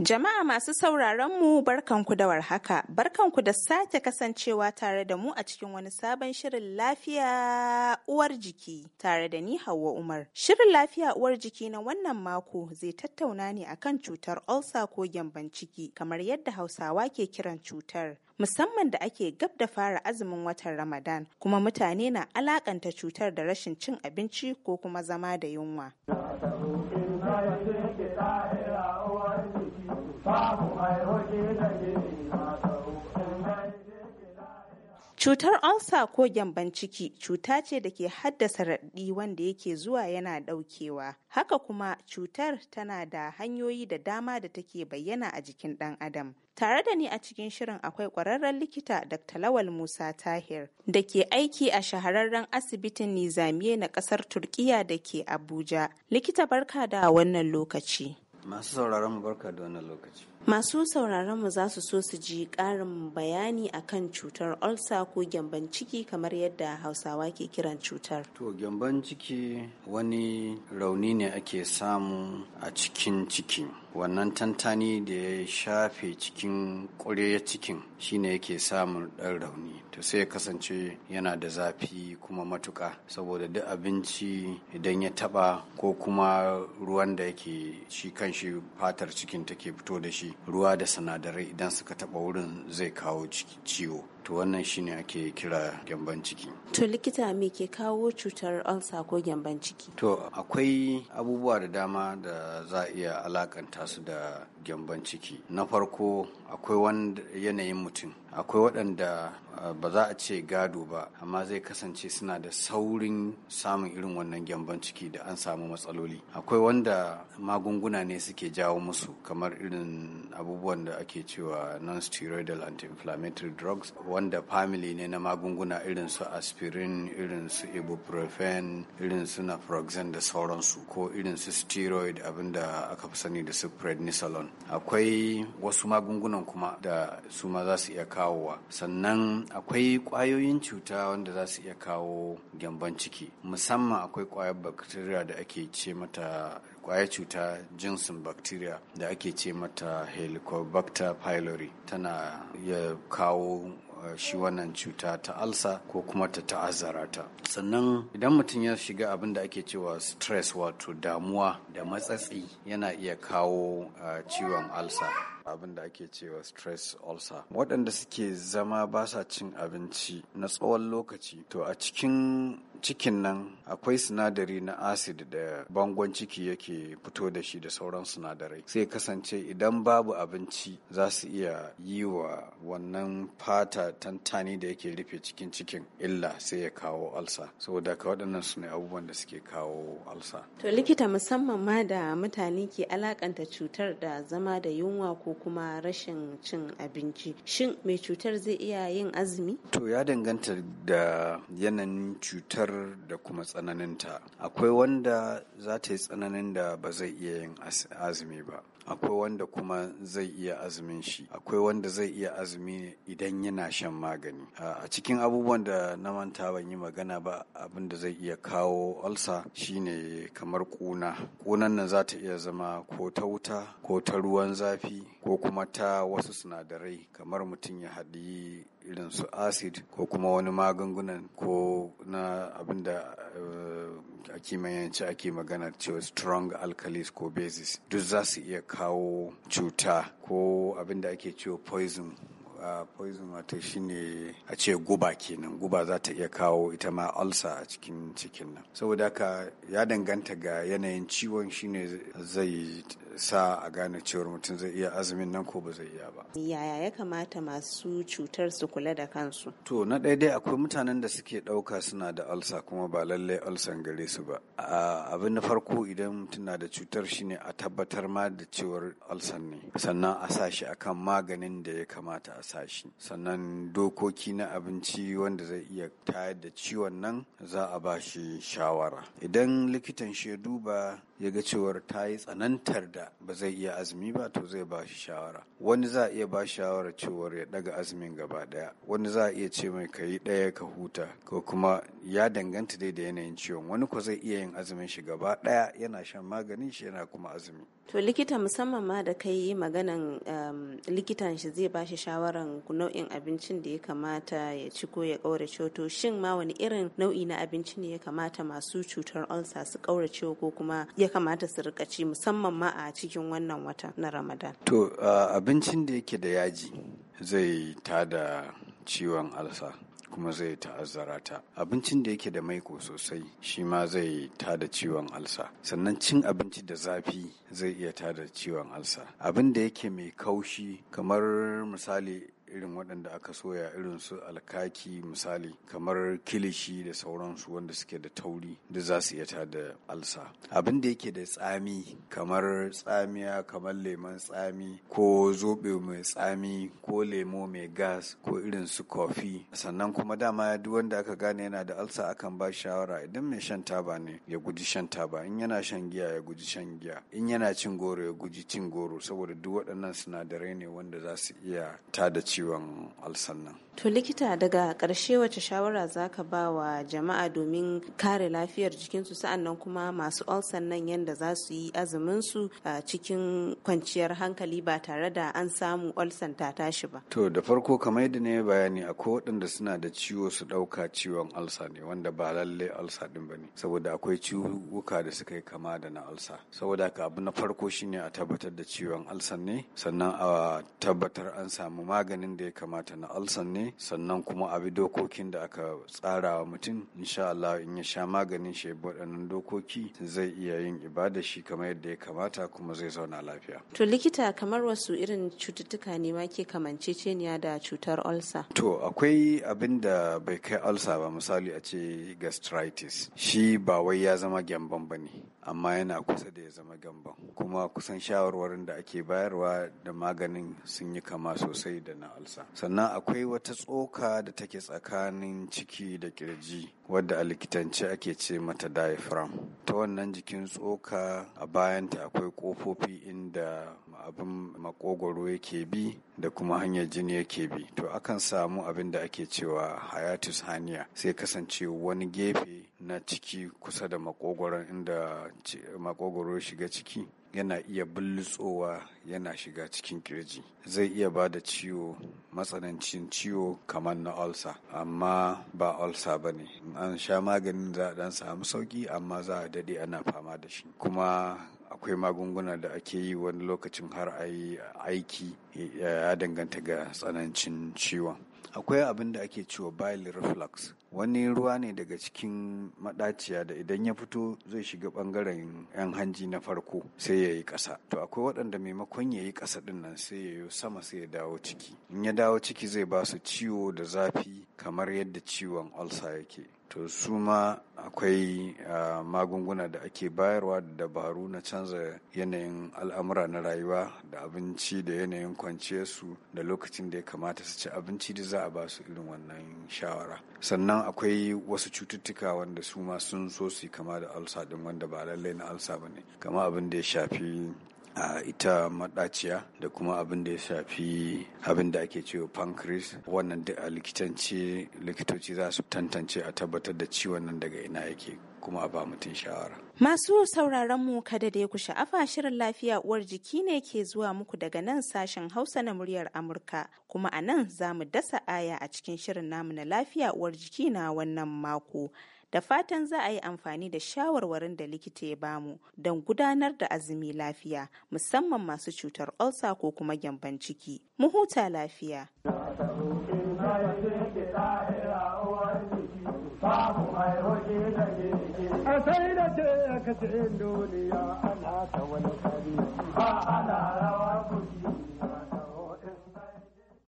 Jama'a masu sauraron mu barkanku da warhaka, barkanku da sake kasancewa tare da mu a cikin wani sabon shirin lafiya uwar jiki tare da ni Hauwa Umar. Shirin lafiya uwar jiki na wannan mako zai tattauna ne akan cutar ulcer ko gyamban ciki kamar yadda Hausawa ke kiran cutar. musamman da ake gab da fara azumin watan Ramadan kuma mutane na alakanta cutar da rashin cin abinci ko kuma zama da yunwa. Cutar ansa ko gyamban ciki cuta ce da ke haddasa raɗi wanda yake zuwa yana ɗaukewa. Haka kuma cutar tana da hanyoyi da dama da take bayyana a jikin ɗan adam. Tare da ni a cikin shirin akwai ƙwararren likita Dr. Lawal Musa Tahir da ke aiki a shahararren asibitin Nizamiye na ƙasar Turkiya da ke Abuja. Likita barka da wannan lokaci. Masu sauraron barka da wannan lokaci. Masu sauraronmu za su so su ji ƙarin bayani akan cutar olsa ko gyamban ciki kamar yadda Hausawa ke kiran cutar. To gyamban ciki wani rauni ne ake samu a cikin ciki. Wannan tantani da ya shafe cikin ƙure cikin shine yake samun ɗan rauni. To sai ya kasance yana da zafi kuma matuƙa saboda duk abinci idan ya taɓa ko kuma ruwan da yake shi kan shi fatar cikin take fito da shi ruwa da sinadarai idan suka taɓa wurin zai kawo ciwo to wannan shine ake kira gyamban ciki to likita me ke kawo cutar ulcer ko gyamban ciki to akwai abubuwa da dama da za a iya alakanta su da gyamban ciki na farko akwai yanayin mutum akwai waɗanda ba za a ce gado ba amma zai kasance suna da saurin samun irin wannan gyamban ciki da an samu matsaloli akwai wanda magunguna ne suke jawo musu kamar irin abubuwan da ake cewa non-steroidal anti-inflammatory drugs wanda family ne na magunguna irin su aspirin irin su ibuprofen irin su naproxen da sauransu ko irin su steroid abinda aka fi sani da su prednisolone akwai wasu magungunan kuma da su ma za su iya kawowa sannan akwai kwayoyin cuta wanda za su iya kawo gyamban ciki musamman akwai kwayar bacteria da ake ce mata kwayar cuta jinsin bacteria da ake ce mata helicobacter pylori tana iya kawo Eh, shi wannan cuta ta alsa ko kuma ta ta'azzara ta sannan idan mutum ya shiga abin da ake cewa stress wato damuwa da matsatsi yana iya kawo eh, ciwon alsa abin da ake cewa stress ulcer waɗanda suke zama ba sa cin abinci na tsawon lokaci to a cikin cikin nan akwai sinadari na acid da bangon ciki yake fito da shi da sauran sinadarai sai kasance idan babu abinci za su iya yi wa wannan fata tantani da yake rufe cikin cikin illa sai ya kawo alsa saboda ka waɗannan su ne abubuwan da suke kawo alsa to likita musamman ma da mutane ke alakanta cutar da zama da yunwa ko kuma rashin cin abinci shin mai cutar zai iya yin azumi to ya danganta da yanayin cutar cutar da kuma tsananinta akwai wanda za ta yi tsananin da ba zai iya yin azumi ba akwai wanda kuma zai iya azumin shi akwai wanda zai iya azumi idan yana shan magani a cikin abubuwan da na manta ban yi magana ba abin da zai iya kawo alsa shine kamar kuna kunan nan za ta iya zama ko ta wuta ko ta ruwan zafi ko kuma ta wasu sinadarai kamar mutum ya haɗi irin su acid ko kuma wani magungunan ko na abin da eh, a kimiyyance ake maganar cewa strong alkalis ko basis duk za su iya kawo cuta ko abin da ake cewa poison Uh, poison wato shine a ce guba kenan guba za ta iya kawo ita ma ulcer a cikin cikin nan saboda haka ya danganta ga yanayin ciwon shine zai sa a gane cewar mutum zai iya azumin nan ko ba zai iya ba. Yaya ya kamata masu cutar su kula da kansu? To na ɗaya dai akwai mutanen da suke ɗauka suna da alsa kuma ba lallai alsan gare su ba. Abin na farko idan mutum na da cutar shine a tabbatar ma da cewar alsan ne. Sannan a sa shi akan maganin da ya kamata a sa shi. Sannan dokoki na abinci wanda zai iya tayar da ciwon nan za a ba shi shawara. Idan likitan shi ya duba ya ga cewar ta yi tsanantar da ba zai iya azumi ba to zai ba shi shawara wani za a iya ba shawara cewar ya daga azumin gaba daya wani za a iya ce mai ka yi daya ka huta ko kuma ya danganta dai da yanayin ciwon wani ko zai iya yin azumin shi gaba daya yana shan maganin shi yana kuma azumi to likita musamman ma da kai yi maganan um, likitan shi zai ba shi shawaran nau'in abincin da ya kamata ya ci ko ya kaurace to shin ma wani irin nau'i na abinci ne ya kamata masu cutar ulcer su kaurace ko kuma ya kamata su rika ci musamman ma a a cikin wannan wata na Ramadan? To abincin da yake da yaji zai tada ciwon alsa. kuma zai ta'azzara ta abincin da yake da maiko sosai shi ma zai tada ciwon alsa sannan cin abinci da zafi zai iya ta da ciwon alsa abin da yake mai kaushi kamar misali irin waɗanda aka soya irin su alkaki misali kamar kilishi da sauransu wanda suke da tauri da za su yata da alsa abin da yake da tsami kamar tsamiya kamar lemon tsami ko zobe mai tsami ko lemo mai gas ko irin su kofi sannan kuma dama duk wanda aka gane yana da alsa akan ba shawara idan mai shan taba ne ya guji shan taba in yana shan giya ya guji shan giya in yana cin goro ya guji cin goro saboda duk waɗannan sinadarai ne wanda za su iya tada ci ciwon alsan nan To likita daga ƙarshe wace shawara za ka ba wa jama'a domin kare lafiyar jikinsu sa'annan kuma masu ulcer nan yadda za su yi azuminsu a cikin kwanciyar hankali ba tare da an samu ulcer ta tashi ba. To da farko kamar yadda ne bayani akwai waɗanda suna da ciwo su ɗauka ciwon ulcer ne wanda ba lalle ulcer ɗin ba ne saboda akwai ciwuka da suka yi kama da na ulcer saboda haka abu na farko shine a tabbatar da ciwon ulcer ne sannan a tabbatar an samu maganin da ya kamata na ulcer ne ne sannan kuma a dokokin da aka tsara wa mutum insha Allah in ya sha maganin shi waɗannan dokoki zai iya yin ibada shi kamar yadda ya kamata kuma zai zauna lafiya. To likita kamar wasu irin cututtuka ne ma ke kamanceceniya da cutar ulcer? To akwai abin da bai kai ulcer ba misali a ce gastritis shi ba wai ya zama gyamban ba ne amma yana kusa da ya zama gyamban kuma kusan shawarwarin da ake bayarwa da maganin sun yi kama sosai da na ulcer. Sannan akwai wata wata tsoka da take tsakanin ciki da kirji wadda a likitance ake ce mata diaphragm ta wannan jikin tsoka a bayanta akwai kofofi inda abin makogwaro yake bi da kuma hanyar jini yake bi to akan samu abin da ake cewa "hayatus hania sai kasance wani gefe na ciki kusa da makogwaron inda makogwaro shiga ciki yana iya bullutsowa yana shiga cikin kirji zai iya ba da ciwo matsanancin ciwo kamar na ulcer amma ba ulcer ba ne an sha maganin za a dan samu sauki amma za a dade ana fama da shi kuma akwai magunguna da ake yi wani lokacin har a yi aiki ya danganta ga tsanancin ciwon akwai abin da ake cewa bile reflux wani ruwa ne daga cikin madaciya da idan ya fito zai shiga bangaren yan hanji na farko sai ya yi ƙasa to akwai waɗanda maimakon ya yi ƙasa ɗin nan sai ya yi sama sai ya dawo ciki in ya dawo ciki zai ba su ciwo da zafi kamar yadda ciwon ulcer yake to su ma akwai ah, magunguna da ake bayarwa da dabaru na canza yanayin al'amura na rayuwa da abinci da yanayin kwanciyarsu da lokacin da ya kamata su ci abinci da za a ba su irin wannan shawara sannan akwai wasu cututtuka wanda su ma sun so su kama da alsa din wanda ba lallai na alsa ba ne kama abin da ya shafi a ita maɗaciya da kuma abin da ya shafi abin da ake cewa pancreas wannan duk a likitanci likitoci za su tantance a tabbatar da ciwon nan daga ina yake kuma a ba mutum shawara. Masu sauraron mu kada da ya ku sha'afa shirin lafiya uwar jiki ne ke zuwa muku daga nan sashen Hausa na muryar Amurka kuma a nan za mu dasa aya a cikin shirin namu na lafiya uwar jiki na wannan mako. da fatan za a yi amfani da shawarwarin da likita ya bamu don gudanar da azumi lafiya musamman masu cutar olsa ko kuma gyamban ciki mu huta lafiya ba ana rawa